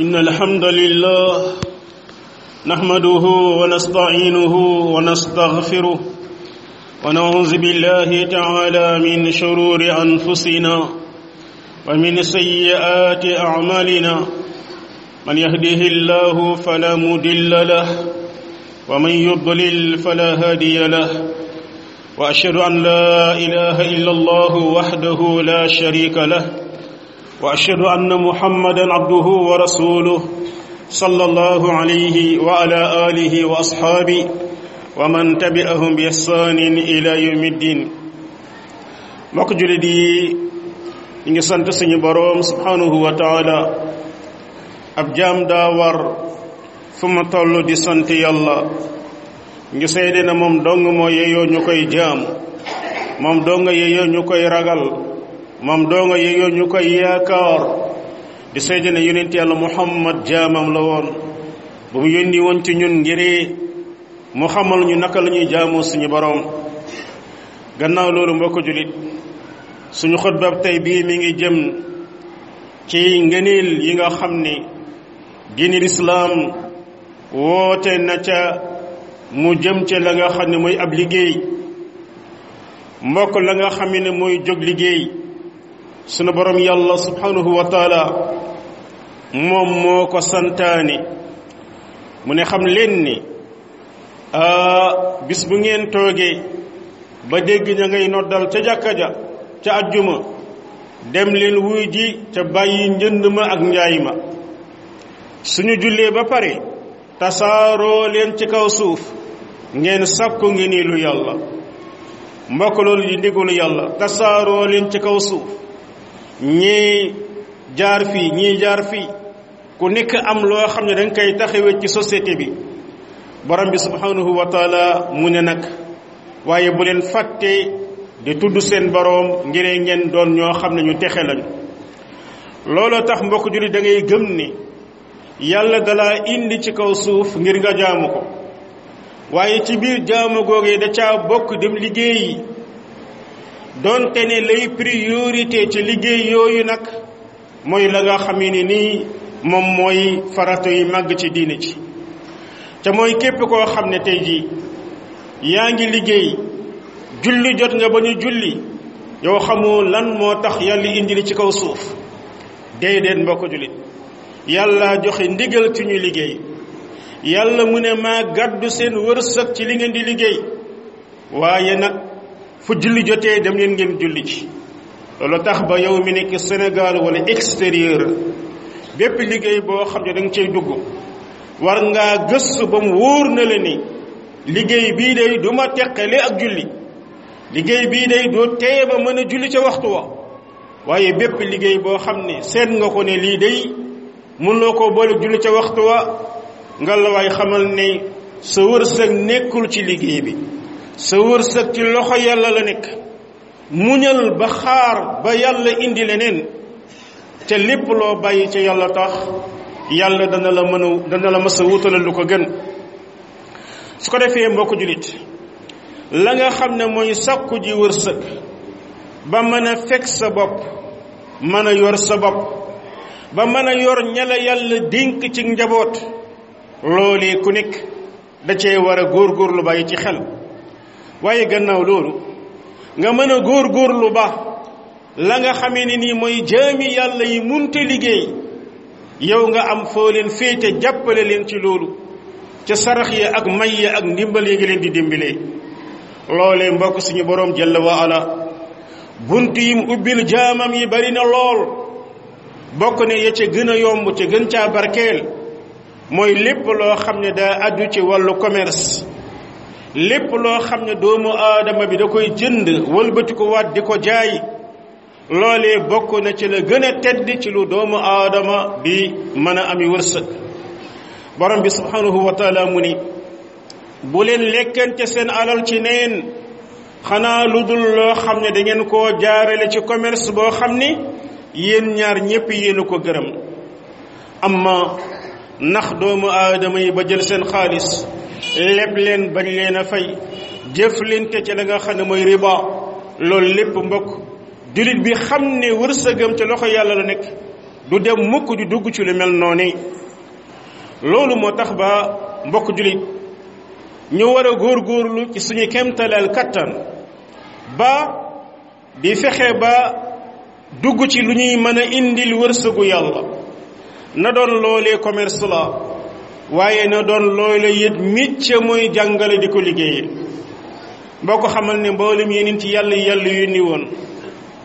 إن الحمد لله نحمده ونستعينه ونستغفره ونعوذ بالله تعالى من شرور أنفسنا ومن سيئات أعمالنا من يهده الله فلا مدل له ومن يضلل فلا هادي له وأشهد أن لا إله إلا الله وحده لا شريك له واشهد ان محمدا عبده ورسوله صلى الله عليه وعلى اله واصحابه ومن تبعهم باحسان الى يوم الدين مك جولي سنت سني بروم سبحانه وتعالى اب جام داور ثم تولو دي سنت يلا ني سيدنا موم دونغ مو ييو نيوكاي جام موم ييو نيوكاي راغال moom doonga yéegoon ñu koy yaakaar di seede ne yonent yàlla muhammad jaamam la woon bu mu yónni woon ci ñun ngiri mu xamal ñu naka la jaamoo suñu borom gannaaw loolu mbokk jullit suñu xutbab tey bii mi ngi jëm ci ngëneel yi nga xam ni diinil islaam woote na ca mu jëm ci la nga xam ne mooy ab liggéey mbokk la nga xam ne mooy jóg liggéey suna borom yalla subhanahu wa ta'ala mom moko santani mune xam len ni bis bu ngeen toge ba deg ña ngay noddal ca jakaja ca aljuma dem len wuyji ca bayyi njënd ma ak njaay ma suñu julle ba pare tasaro len ci kaw suuf ngeen sakku ngeen lu yalla mbokk loolu di ndigulu yalla tasaro len ci kaw suuf ñii jaar fii ñii jaar fii ku nekk am loo xam ne danga koy taxawee ci société bi borom bi subhanahu wa taala mu ne nag waaye bu leen fàtte di tudd seen boroom ngir ngeen doon ñoo xam ne ñu texe lañu looloo tax mbokk julli da ngay gëm ni yàlla dalaa indi ci kaw suuf ngir nga jaamu ko waaye ci biir jaamu googee da caa bokk dem liggéeyi donte ne lay priorité ci liggéey yooyu nag mooy la nga xam ne nii moom mooy farata yu màgg ci diine ci te mooy képp koo xam ne tey jii yaa ngi liggéey julli jot nga ba ñu julli yow xamoo lan moo tax yàlla indili ci kaw suuf déedéet mbokk jullit yàlla joxe ndigal ci ñu liggéey yàlla mu ne maa gàddu seen wërsëg ci li ngeen di liggéey waaye nag fu julli jotee dem leen ngeen julli ci loolu tax ba yow mi nekk Sénégal wala extérieur bépp liggéey boo xam ne danga nga dugg war ngaa gëstu ba mu wóor na la ni liggéey bii day du teqale ak julli liggéey bii day doo teye ba mën a julli ca waxtu wa waaye bépp liggéey boo xam ne seet nga ko ne lii day mënuloo koo boole julli ca waxtu wa nga la waay xamal ne sa wërsëg nekkul ci liggéey bi sa wërsëg ci loxo yàlla la nekk muñal ba xaar ba yàlla indi leneen te lépp loo bàyyi ca yàlla tax yàlla dana la mën a dana la mës a lu ko gën su ko defee mbokk julit la nga xam ne mooy sàkku ji wërsëg ba mën a fekk sa bopp mën a yor sa bopp ba mën a yor ña la yàlla dénk ci njaboot loolee ku nekk da cee war a góor góor lu bàyyi ci xel waaye gannaaw loolu nga mën a góorgóorlu ba la nga xamee ni nii mooy jaami yàlla yi te liggéey yow nga am foo leen féete jàppale leen ci loolu ca sarax ya ak may ya ak ndimbal yi ngi leen di dimbalee loolee mbokk suñu boroom jalla wa ala bunt yim ubbil jaamam yi bari na lool bokk ne ya ca gën a yomb te gën caa barkeel mooy lépp loo xam ne daa addu ci wàllu commerce lépp loo xam ne doomu aadama bi da koy jënd wëlbati di ko jaay loole bokk na ci la gën a tedd ci lu doomu aadama bi mën a ami wërsëg borom bi subhanahu wa mu ni bu leen lekkante seen alal ci neen xanaa lu dul loo xam ne dangeen ko koo jaarale ci commerce boo xam ne yéen ñaar ñépp yéenu ko gërëm amma ndax doomu aadama yi ba jël seen xaalis leb leen bañ leen a fay jëflante ca la nga xam ne mooy riba loolu lépp mbokk jullit bi xam ne wërsëgam ca loxo yàlla la nekk du dem mukk di dugg ci lu mel noonu loolu moo tax ba mbokk jullit ñu war a góorgóorlu ci suñu kemtaleel kàttan ba di fexe ba dugg ci lu ñuy mën a indil wërsëgu yàlla na doon loolee commerce la waaye na doon loola it micc muy jàngale di ko liggéeyee mbokk xamal ne mboolem yenin ci yàlla yàlla yu ni woon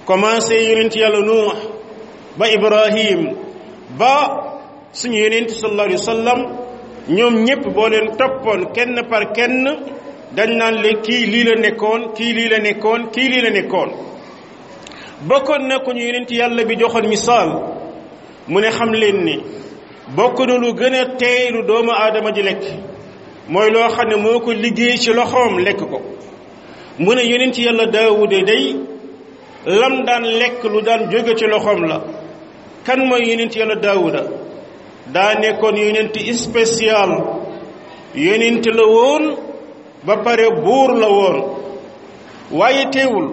commencé yenin ci yàlla nuux ba ibrahim ba suñu yenin ci sallallahu alayhi wa sallam ñoom ñëpp boo leen toppoon kenn par kenn dañ naan le kii lii la nekkoon kii lii la nekkoon kii lii la nekkoon bokkoon na ko ñu yenin ci yàlla bi joxoon misaal mu ne xam leen ni bokk na lu gën teey lu doomu aadama ji lekk mooy loo xam ne moo ko liggéey ci loxoom lekk ko mu ne ci yàlla daawude day lam daan lekk lu daan jóge ci loxoom la kan mooy ci yàlla daawuda daa nekkoon yonent spécial yonent la woon ba pare buur la woon waaye teewul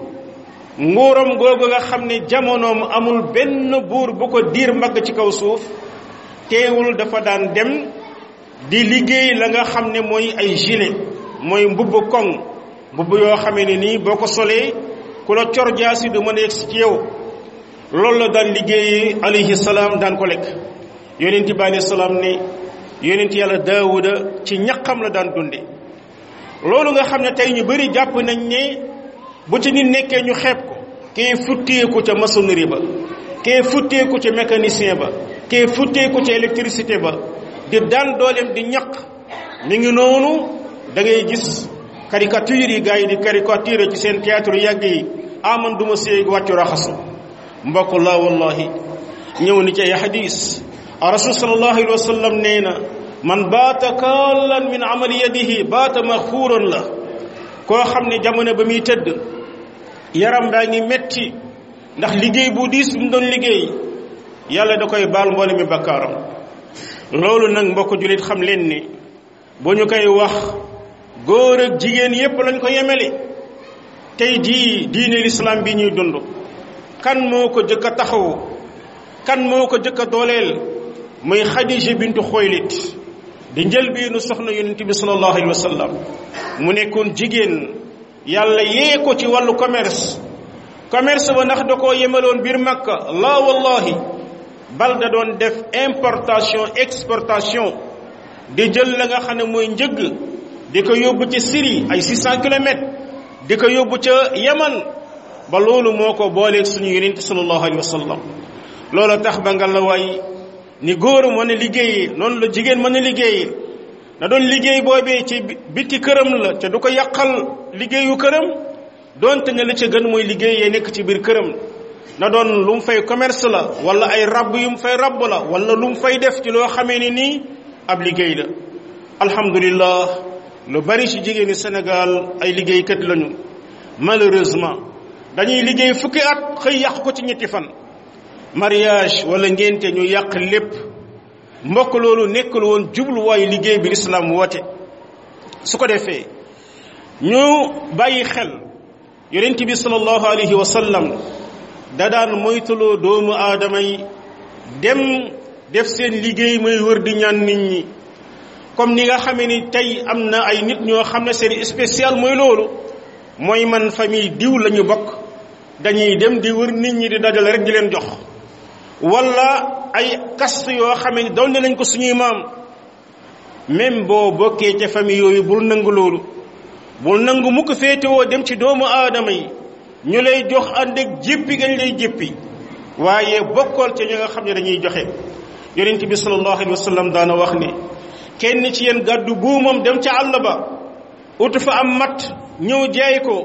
nguuram googu nga xam ne jamonoom amul benn buur bu ko diir mbagg ci kaw suuf teewul dafa daan dem di liggéey la nga xam ne mooy ay gilet mooy mbubb koŋ mbubb yoo xame ne nii boo ko solee ku la cor jaasi du mën a yegsi ci yow loolu la daan liggéeyee alayhi salaam daan ko lekk yonent bi alayhi salaam ne yonent yàlla daawuda ci ñaqam la daan dunde loolu nga xam ne tey ñu bari jàpp nañ ne bu ci nit nekkee ñu xeeb ko kii futteeku ca maçonnerie ba kee futteeku ci mécanicien ba kee futteeku ci électricité ba di daan dooleem di ñaq mi ngi noonu da ngay gis caricature yi di caricature ci seen théâtre yàgg yi aman duma séeg wàccu raxasu mbokk la wallahi ñëw ni ci ay xadis rasul sallallahu alayhi wa nee na man baata kaalan min amali yadihi baata maxfuuran la koo xam ne jamono ba muy tëdd yaram baa ngi metti ndax liggéey bu diis mu doon liggéey yàlla da koy baal mboole mi bakkaaram loolu nag mbokk jullit xam leen ni bu ñu koy wax góor ak jigéen yépp lañ ko yemele tey jii diine lislaam bi ñuy dund kan moo ko jëkk a taxawu kan moo ko jëkk a dooleel muy xadija bintu xooylit di bi njëlbeenu soxna yonent bi sallallahu alayhi wa sallam mu nekkoon jigéen yàlla yee ko ci wàllu commerce commerce ba ndax da koo yemaloon biir Makka laa wallahi bal da doon def importation exportation di jël la nga xam ne mooy njëg di ko yóbbu ci Syrie ay 600 kilomètres di ko yóbbu ca Yaman ba loolu moo ko booleeg suñu yonent sallallahu alayhi wa sallam loolu tax ba nga la waay ni góor mën a liggéeyee noonu la jigéen mën a liggéeyee na doon liggéey boobee ci biti këram la te du ko yàqal liggéeyu këram donte ne li ci gën mooy liggéeyee nekk ci biir këram na doon lu mu fay commerce la wala ay ràbb yu mu fay rabb la wala lu mu fay def ci loo xame ni nii ab liggéey la alhamdulillah lu bari ci jigéeni Sénégal ay liggéeykat lañu malheureusement dañuy liggéey fukki at xëy yàq ko ci ñetti fan mariage wala ngénte ñu yàq lépp mbokk loolu nekkul woon jubluwaayu liggéey bi lislaam woote su ko defee ñu bàyyi xel yonenti bi salallahu alayhi wa sallam dadan moytolo doomu adama yi dem def seen liggéey mooy wër di ñaan nit ñi comme ni nga xamee ni tey am na ay nit ñoo xam ne seen spécial mooy loolu mooy man famille diw la ñu bokk dañuy dem di wër nit ñi di dajal rek di leen jox wala ay kast yoo xamee ni daw ne lañ ko suñuy maam même boo bokkee ca famille yooyu bul nangu loolu bul nangu mukk féetewoo dem ci doomu aadama yi ñu lay jox ànd ak jippi gañ lay jippi waaye bokkool ca ñu nga xam ne dañuy joxe yonent bi sal allahu alei wa sallam daana wax ne kenn ci yen gàddu buumam dem ca àll ba ut fa am mat ñëw jaay ko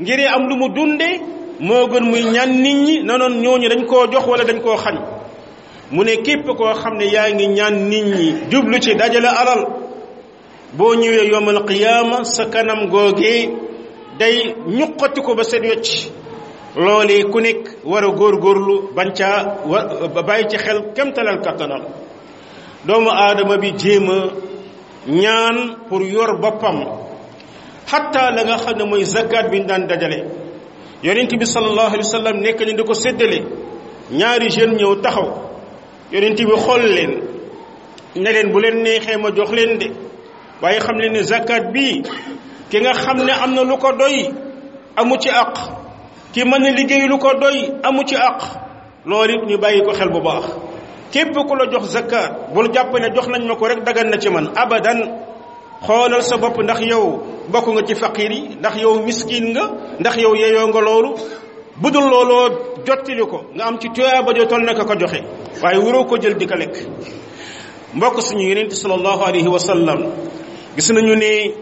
ngiri am lu mu dunde moo gën muy ñaan nit ñi na noon ñooñu dañ koo jox wala dañ koo xañ mu ne képp koo xam ne yaa ngi ñaan nit ñi jublu ci dajale alal boo ñëwee yowmal qiyaama sa kanam googee day ñuqati ko ba seen wecc loolee ku nekk wara góor góorlu bañ caa wa bàyyi ci xel kemtalal kattanam doomu aadama bi jéem a ñaan pour yor boppam xatta la nga xam ne mooy zakat bi ñu daan dajale yonent bi sallallahu alayhi wa sallam nekk ni di ko séddale ñaari jeune ñëw taxaw yonent bi xool leen ne leen bu leen neexee ma jox leen de waye xam leen ne zakat bi ki nga xam ne am lu ko doy amu ci aq ki man liggey liggéey lu ko doy amu ci aq loolu ñu bayiko xel bu baax kep ku la jox zakat lu jàpp ne jox nañ mako rek dagan na ci man abadan xolal sa bop ndax yow bokku nga ci faqiri ndax yow miskin nga ndax yow yeyo nga lolu budul lolo jottili ko nga am ci tuyaaba jo tol na ko joxe waye wuro ko jël di ka mbokk suñu yonente alayhi wa sallam gis nañu ne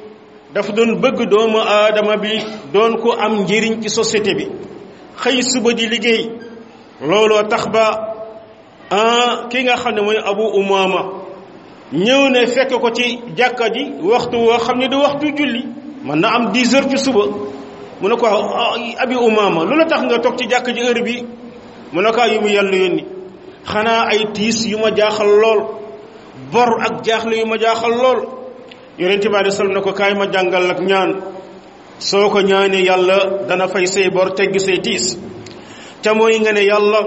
dafa doon bëgg doomu aadama bi doon ko am njëriñ ci société bi xëy suba di liggéey looloo tax ba ah ki nga xam ne mooy abu umaama ñëw ne fekk ko ci jàkka ji waxtu woo xam ne du waxtu julli mën na am 10 heures ci suba mu ne ko abi umaama lu la tax nga toog ci jàkka ji heure bi mu ne ko yu mu yàlla yónni xanaa ay tiis yu ma jaaxal lool bor ak jaaxle yu ma jaaxal lool yonent bi alei salaam na ko kaay ma jàngal ak ñaan soo ko ñaanee yàlla dana fay say bor teggi say tiis te mooy nga ne yàlla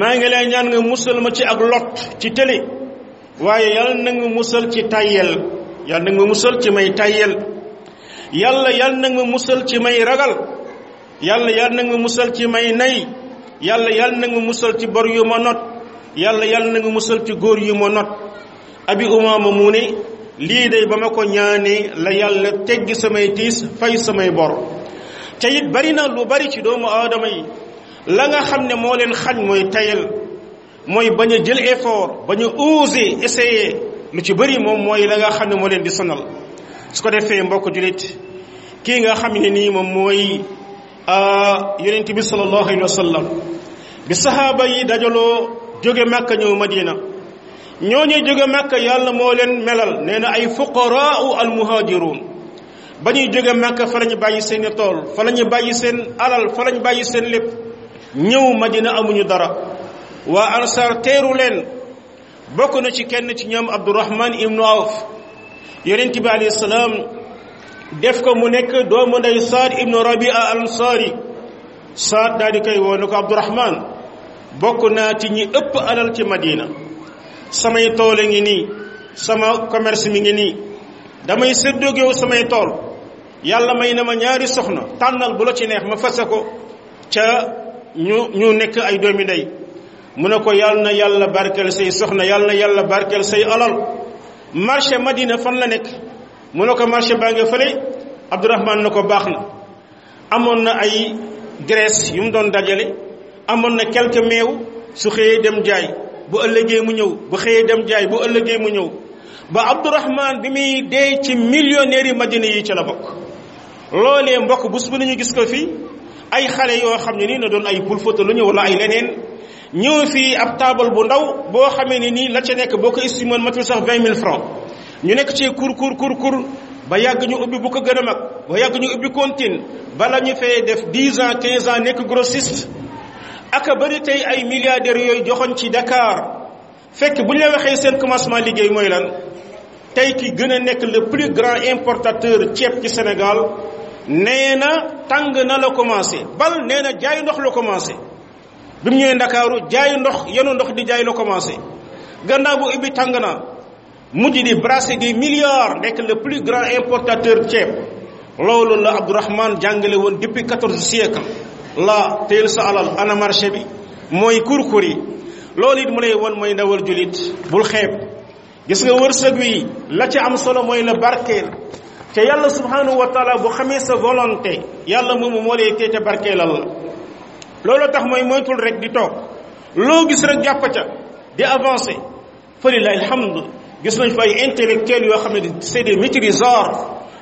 maa ngi lay ñaan nga musal ma ci ak lot ci tële waaye yàlla na nga musal ci tayyel yàlla nag nga musal ci may tayyel yàlla yàlla na nga musal ci may ragal yàlla yàlla na nga musal ci may nay yàlla yàlla nag nga musal ci bor yu ma not yàlla yàlla na nga musal ci góor yu ma not abi umaama mu ne lii day ba ma ko ñaanee la yàlla tegg samay tiis fay samay bor te it bari na lu bari ci doomu aadama yi la nga xam ne moo leen xañ mooy tayal mooy bañ a jël effort bañ a oser essayer lu ci bari moom mooy la nga xam ne moo leen di sonal su ko defee mbokk jullit kii nga xam ne nii moom mooy ah, yonent bi sallallahu alayhi wa sallam bi sahaaba yi dajaloo jóge Màkka ñëw Madina ñooñu jóge màkk yàlla moo leen melal nee na ay fuqaraau al muhaajiruun ba ñuy jóge Makka fa la bàyyi seen tool fa la ñu bàyyi seen alal fa la ñu bàyyi seen lépp ñëw Madina amuñu dara waa ansaar teeru leen bokk na ci kenn ci ñoom Abdurahman ibnu Awf yonent bi alayhi salaam def ko mu nekk doomu ndey Saad ibnu Rabia al ansaari Saad daal di koy woo ne ko Abdurahman bokk naa ci ñi ëpp alal ci Madina samay tool a ngi nii sama commerce mi ngi nii damay séddoog yow samay tool yàlla may na ma ñaari soxna tànnal bu la ci neex ma fase ko ca ñu ñu nekk ay doomi ndey mu ne ko yàlla na yàlla barkeel say soxna yàlla na yàlla barkeel say alal marché Madina fan la nekk mu ne ko marché baa ngi fële Abdourahman na ko baax na amoon na ay graisse yu mu doon dajale amoon na quelque meew su xëyee dem jaay bu ëllëgee mu ñëw ba xëyee dem jaay bu ëllëgee mu ñëw ba Abdourahman bi muy dee ci millionnaires yi Madina yi ci la bokk loolee mbokk bés bu nañu gis ko fii ay xale yoo xam ne nii na doon ay bul foto lu ñëw wala ay leneen ñëw fii ab taabal bu ndaw boo xamee ni nii la ca nekk boo ko estimé matul sax vingt mille francs ñu nekk ci kur kur kur kur ba yàgg ñu ubbi bu ko gën a mag ba yàgg ñu ubbi contine bala ñu fee def dix ans quinze ans nekk grossiste aka bëri tey ay milliardaires yooyu joxoon ci Dakar fekk bu ñu la waxee seen commencement liggéey mooy lan tey ki gën a nekk le plus grand importateur ceeb ci Sénégal nee na tàng na la commencé bal nee na jaayu ndox la commencé bi mu ñëwee Ndakaaru jaay ndox yenu ndox di jaay la commencé gannaaw bu ubbi tàng na mujj di brasser des milliards nekk le plus grand importateur ceeb loolu la Abdourahmane jàngale woon depuis quatorze siècle la teel sa alal ana marché bi mooy kurkuri loolu it mu lay won mooy ndawal julit bul xeeb gis nga wërsëg wi la ci am solo mooy la barkeel te yàlla subhanahu wa taala bu xamee sa volonté yàlla moomu moo lay téete barkeelal la loolu tax mooy moytul rek di toog loo gis rek jàpp ca di avancé falilahi alhamdu gis nañ fa ay intellectuel yoo xam ne c'est des maîtrisards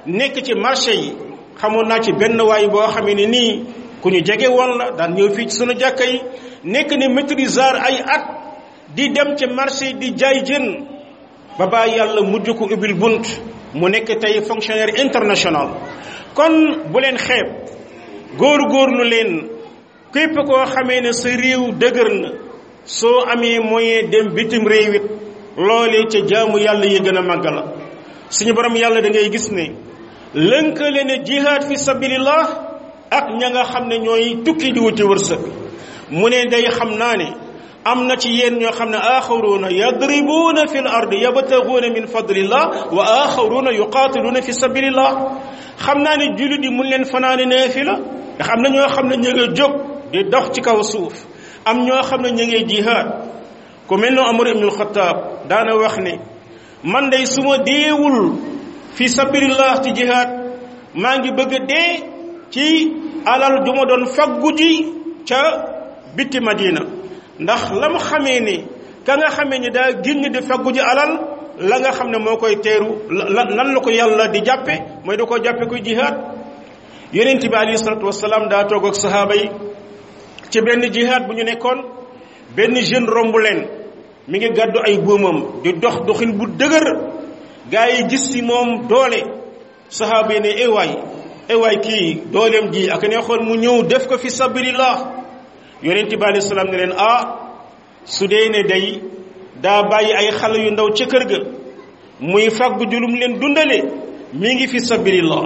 nekk ci marché yi xamoon naa ci benn waay boo xam ne nii ku ñu jege woon la daan ñëw fii ci sunu jàkka yi nekk ne maîtrisard ay at di dem ci marché di jaay jën ba bàyyi yàlla mujj ko ubbil bunt mu nekk tey fonctionnaire international kon bu leen xeeb góor-góorlu leen képp koo xamee ne sa réew dëgër na soo amee moyen dem bitim réew it loolee ca jaamu yàlla yi gën a màgg la suñu borom yàlla da gis ne lënkale ne jihaad fi sabilillah ak ña nga xam ne ñooy tukki di wuti wërsëg mu ne day xam naa ne am na ci yéen ñoo xam ne axaruuna yadribuuna fi l ard yabtaguuna min fadlillah wa axaruuna yuqaatiluuna fi sabilillah xam naa ne julit yi mun leen fanaane neefi la ndax am na ñoo xam ne ñu ngi jóg di dox ci kaw suuf am ñoo xam ne ñu ngi jihaad ku mel ne amar ibnul xataab daana wax ne man day su ma deewul fi sabilillah ci jihaad maa ngi bëgg dee ci alal ju ma doon faggu ji ca bitti Madina ndax la mu xamee ni ka nga xamee ni daa génn di faggu ji alal la nga xam ne moo koy teeru lan la ko yàlla di jàppe mooy da ko jàppe kuy jihaad yonent bi alayhi salaatu wasalaam daa toog ak sahaaba yi ci benn jihaad bu ñu nekkoon benn jeune romb leen mu ngi gàddu ay buumam di dox doxin bu dëgër gaa yi gis ci moom doole sahaaba yi ne ewaay ay eh, waay kii dooleem ji ak neexoon mu ñëw def ko fi sabilillah yonent bi alayhi salaam ne leen ah, su dee ne day daa bàyyi ay xale yu ndaw ca kër ga muy fàggu julum leen dundale mi ngi fi sabilillah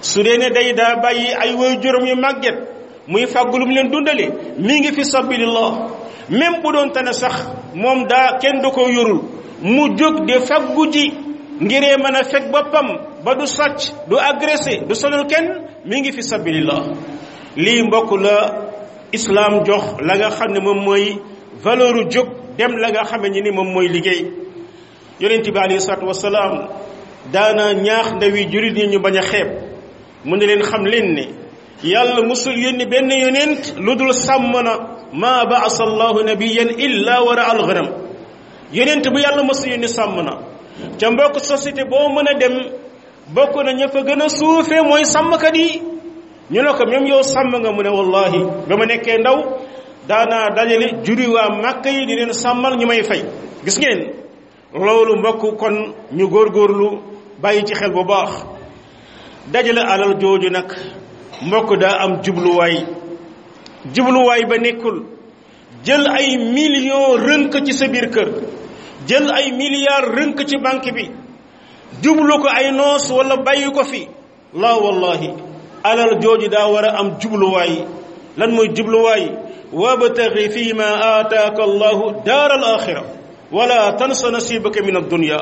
su dee ne day daa bàyyi ay woy juróom yu màgget muy fàggu leen dundale mi ngi fi sabilillah même bu doon tane sax moom daa kenn da koo yorul mu jóg de fàggu ji ngiree mën a fekk boppam ba du sàcc du agressé du sonal kenn mi ngi fi sabilillah lii mbokk la islaam jox la nga xam ne moom mooy valeur u dem la nga xamante ni moom mooy liggéey yonent bi alayhi salaatu wasalaam daana ñaax ndawi jurit yi ñu bañ a xeeb mu ne leen xam leen ne yàlla musul yónni benn yonent lu dul sàmm na maa baasa allahu nabiyan illa wara algharam yonent bu yàlla musul yónni sàmm na ca mbokk société boo mën a dem bokk na ña fa gën a suufee mooy sàmmkat yi ñu ne ko même yow sàmm nga mu ne wallahi ba ma nekkee ndaw daana dajale juri waa màkk yi di leen sàmmal ñu may fay gis ngeen loolu mbokk kon ñu góor góorlu bàyyi ci xel bu baax dajale alal jooju nag mbokk daa am jubluwaay jubluwaay ba nekkul jël ay millions rënk ci sa biir kër jël ay milliards rënk ci banque bi jublu ko ay noos wala bàyyi ko fi la wallahi alal jooju daa war a am jubluwaay lan mooy jubluwaay wabtagi fi ma aataaka allahu daar al axira wala tansa nasibaka min addunia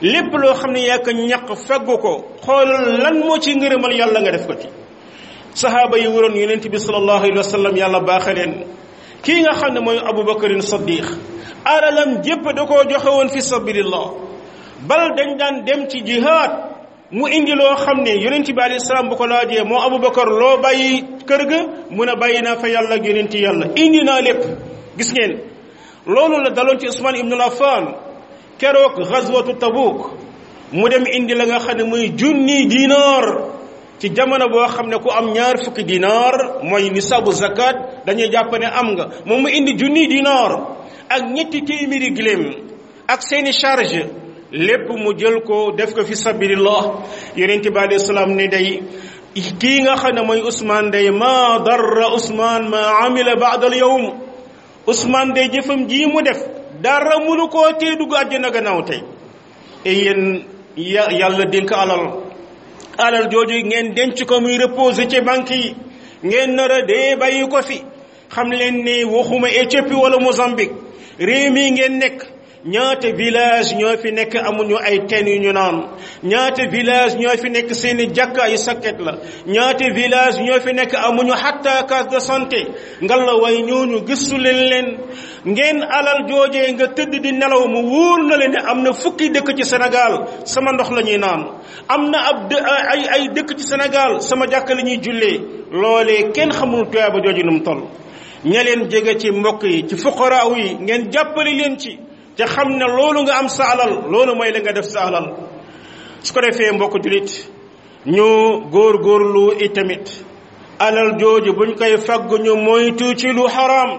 lépp loo xam ne yaa ko ñàq feggu ko xoolal lan moo ci ngërëmal yàlla nga def ko ci sahaaba yi waroon yonent bi salallahu alayhi wa sallam yàlla baaxe leen kii nga xam ne mooy aboubacarin saddiq alalam jépp da koo joxe woon fi sabilillah bal dañ daan dem ci jihaad mu indi loo xam ne yonent bi alayhi salaam bu ko laajee moo aboubacar loo bàyyi kër ga mu ne bàyyi fa yàlla yonent yàlla indi naa lépp gis ngeen loolu la daloon ci usman ibn lafan keroog gazwatu tabuk mu dem indi la nga xam muy junni dinaar ci jamono boo xam ne ku am ñaar fukki dinaar mooy nisaabu zakat dañuy jàpp am nga moom mu indi junni dinaar ak ñetti téeméeri giléem ak seeni charge lépp mu jël ko def ko fi sabilillah yonent bi alayhi salaam ne day kii nga xam ne mooy Ousmane day ma darra Ousmane ma amila baadal yowm Ousmane day jëfam ji mu def dara mënu koo tee dugg àjjana gannaaw tey et yàlla dénk alal alal jooju ngeen denc ko muy reposé ci banque yi ngeen nar a dee bàyyi ko fi xam leen ne waxuma Éthiopie wala Mozambique réew mi ngeen nekk ñaata village ñoo fi nekk amuñu ay ten yu ñu naan ñaata village ñoo fi nekk seeni jàkka yu sàkket la ñaata village ñoo fi nekk amuñu xatta case de santé ngal la way ñooñu gëstu leen leen ngeen alal joojee nga tëdd di nelaw mu wóor na leen ne am na fukki dëkk ci Sénégal sama ndox la ñuy naan am na ab ay ay dëkk ci Sénégal sama jàkk la ñuy jullee loole kenn xamul tuyaaba jooju nu mu toll ña leen jege ci mbokk yi ci fuqaraaw yi ngeen jàppale leen ci te xam ne loolu nga am sa alal loolu mooy la nga def sa alal su ko defee mbokk julit ñu góor góorlu itamit alal jooju buñ koy fagg ñu moytu ci lu haram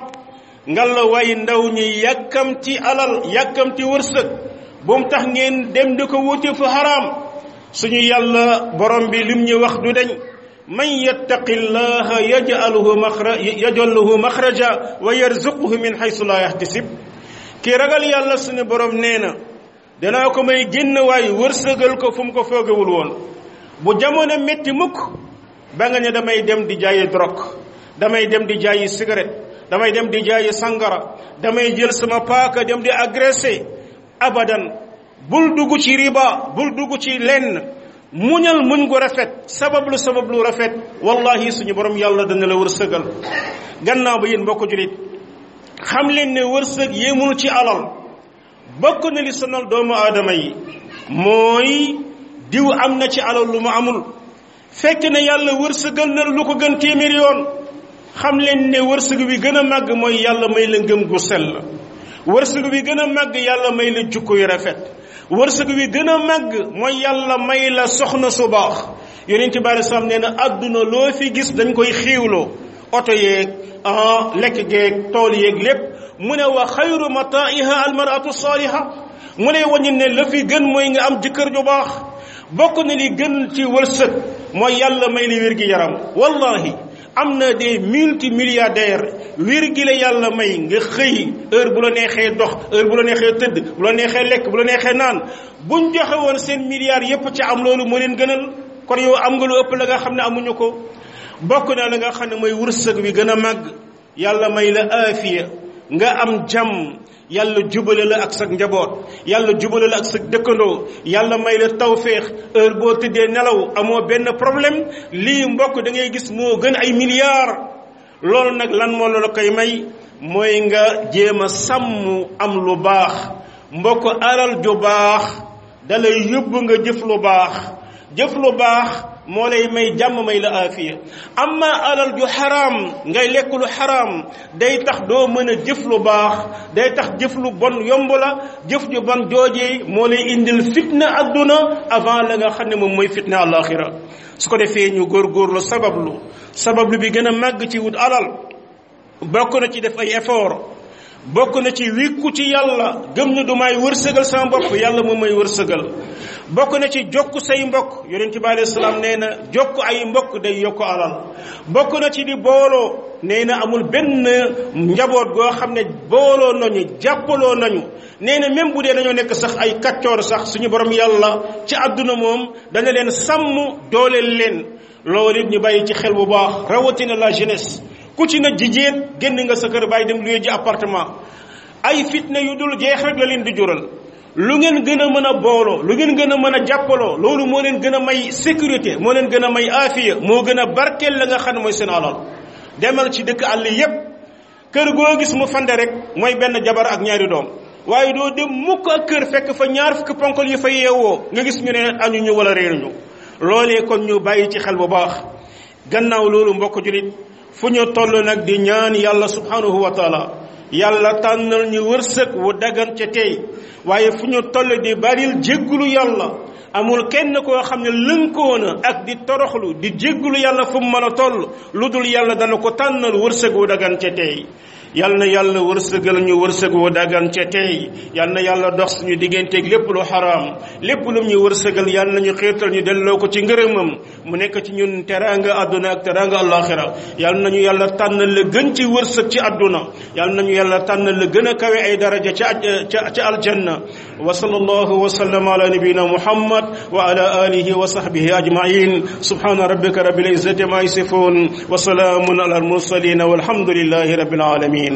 ngalla way ndaw ñi ci alal yàkkamti wërsëg mu tax ngeen dem di ko wuti fu haram suñu yàlla borom bi lim ñu wax du dañ من يتق الله يجعله مخرج yaj'alhu مخرجا ويرزقه من حيث لا يحتسب ki ragal yàlla suñu borom nee na danaa ko may génn waaye wërsëgal ko fu ko foogewul woon bu jamono métti mukk ba nga ne damay dem di jaayi drogue damay dem di jaayi cigarette damay dem di jaayi sangara damay jël sama paaka dem di agressé abadan bul dugg ci riba bul dugg ci lenn muñal muñ gu rafet sabablu sabablu rafet wallahi suñu borom yàlla dana la wërsëgal gannaaw ba yéen xam leen ne wërsëg yéemul ci alal bokk na li sonal doomu aadama yi mooy diw am na ci alal lu ma amul fekk na yàlla wërsëgal na lu ko gën téeméer yoon xam leen ne wërsëg wi gën a màgg mooy yàlla may la ngëm gu sell wërsëg wi gën a màgg yàlla may la jukko yu rafet wërsëg wi gën a màgg mooy yàlla may la soxna su baax yonent bi alei nee na àdduna loo fi gis dañ koy xiiwloo oto yeeg lekk geeg tool yeeg lépp mu ne wa xayru mataiha almaratu saliha mu ne wañu ne la fi gën mooy nga am jëkkër ju baax bokk na li gën ci wërsëg mooy yàlla may li wér gi yaram wallahi am na des multimilliardaires wér gi la yàlla may nga xëy heure bu la neexee dox heure bu la neexee tëdd bu la neexee lekk bu la neexee naan buñ joxe woon seen milliards yépp ci am loolu moo leen gënal kon yow am nga lu ëpp la nga xam ne amuñu ko bokk naa la nga xam ne mooy wërsëg wi gën a màgg yàlla may la aafiya nga am jàmm yàlla jubale la ak sa njaboot yàlla jubale la ak sa dëkkandoo yàlla may la tawféex heure boo tëddee nelaw amoo benn problème lii mbokk dangay gis moo gën ay milliards loolu nag lan moo la koy may mooy nga jéem a sàmm am lu baax mbokk alal ju baax dalay yóbbu nga jëf lu baax jëf lu baax moo lay may jàmm may la aafiya amma alal ju xaraam ngay lekk lu xaraam day tax doo mën a jëf lu baax day tax jëf lu bon yomb la jëf ju bon joojee moo lay indil fitna àdduna avant la nga xam ne moom mooy fitna alaxira su ko defee ñu góorgóorlu sabablu sabablu bi gën a màgg ci wut alal bokk na ci def ay effort bokk na ci wikku ci yàlla gëm na du may wërsëgal sama bopp yàlla moom may wërsëgal bokk na ci jokk say mbokk yonent bi alayhi salaam nee na jokk ay mbokk day yokk alal bokk na ci di booloo nee na amul benn njaboot goo xam ne booloo nañu jàppaloo nañu nee na même bu dee nañoo nekk sax ay kaccoor sax suñu borom yàlla ci àdduna moom dana leen sàmm dooleel leen loolu it ñu bàyyi ci xel bu baax rawatina la jeunesse ku ci na jigéen génn nga sa kër bàyyi dem luye ji appartement ay fitna yu dul jeex rek la leen di jural lu ngeen gën a mën a booloo lu ngeen gën a mën a jàppaloo loolu moo leen gën a may sécurité moo leen gën a may aafiya moo gën a barkeel la nga xam ne mooy seen alal demal ci dëkk àll yépp kër goo gis mu fande rek mooy benn jabar ak ñaari doom waaye doo dem mukk ak kër fekk fa ñaar fukki ponkal yi fa yeewoo nga gis ñu ne añuñu wala réeruñu loolee kon ñu bàyyi ci xel bu baax gannaaw loolu mbokk julit fu ñu toll nag di ñaan yàlla subhanahu wa taala yàlla tànnal ñu wërsëg wu dagance ca tey waaye fu ñu toll di baril jéggulu yàlla amul kenn koo xam ne lënkoo na ak di toroxlu di jéggulu yàlla fu mu mën a toll lu dul yàlla dana ko tànnal wërsëg wu dagan ca tey yal na yàlla wërsëgal ñu wërsëg wu dagan ca tey yal na yàlla dox suñu digganteeg lépp lu xaraam lépp lu ñu wërsëgal yal na ñu xéetal ñu delloo ko ci ngërëmam mu nekk ci ñun teranga àdduna ak teranga alaxira yal na ñu yàlla tànn la gën ci wërsëg ci àdduna yal na ñu yàlla tànn la gën a kawe ay daraja ca ca aljanna wa sallallahu wa sallam ala nabiyina muhammad wa ala alihi wa sahbihi ajma'in subhana rabbika rabbil izzati ma yasifun wa salamun ala al mursalin والحمد لله رب العالمين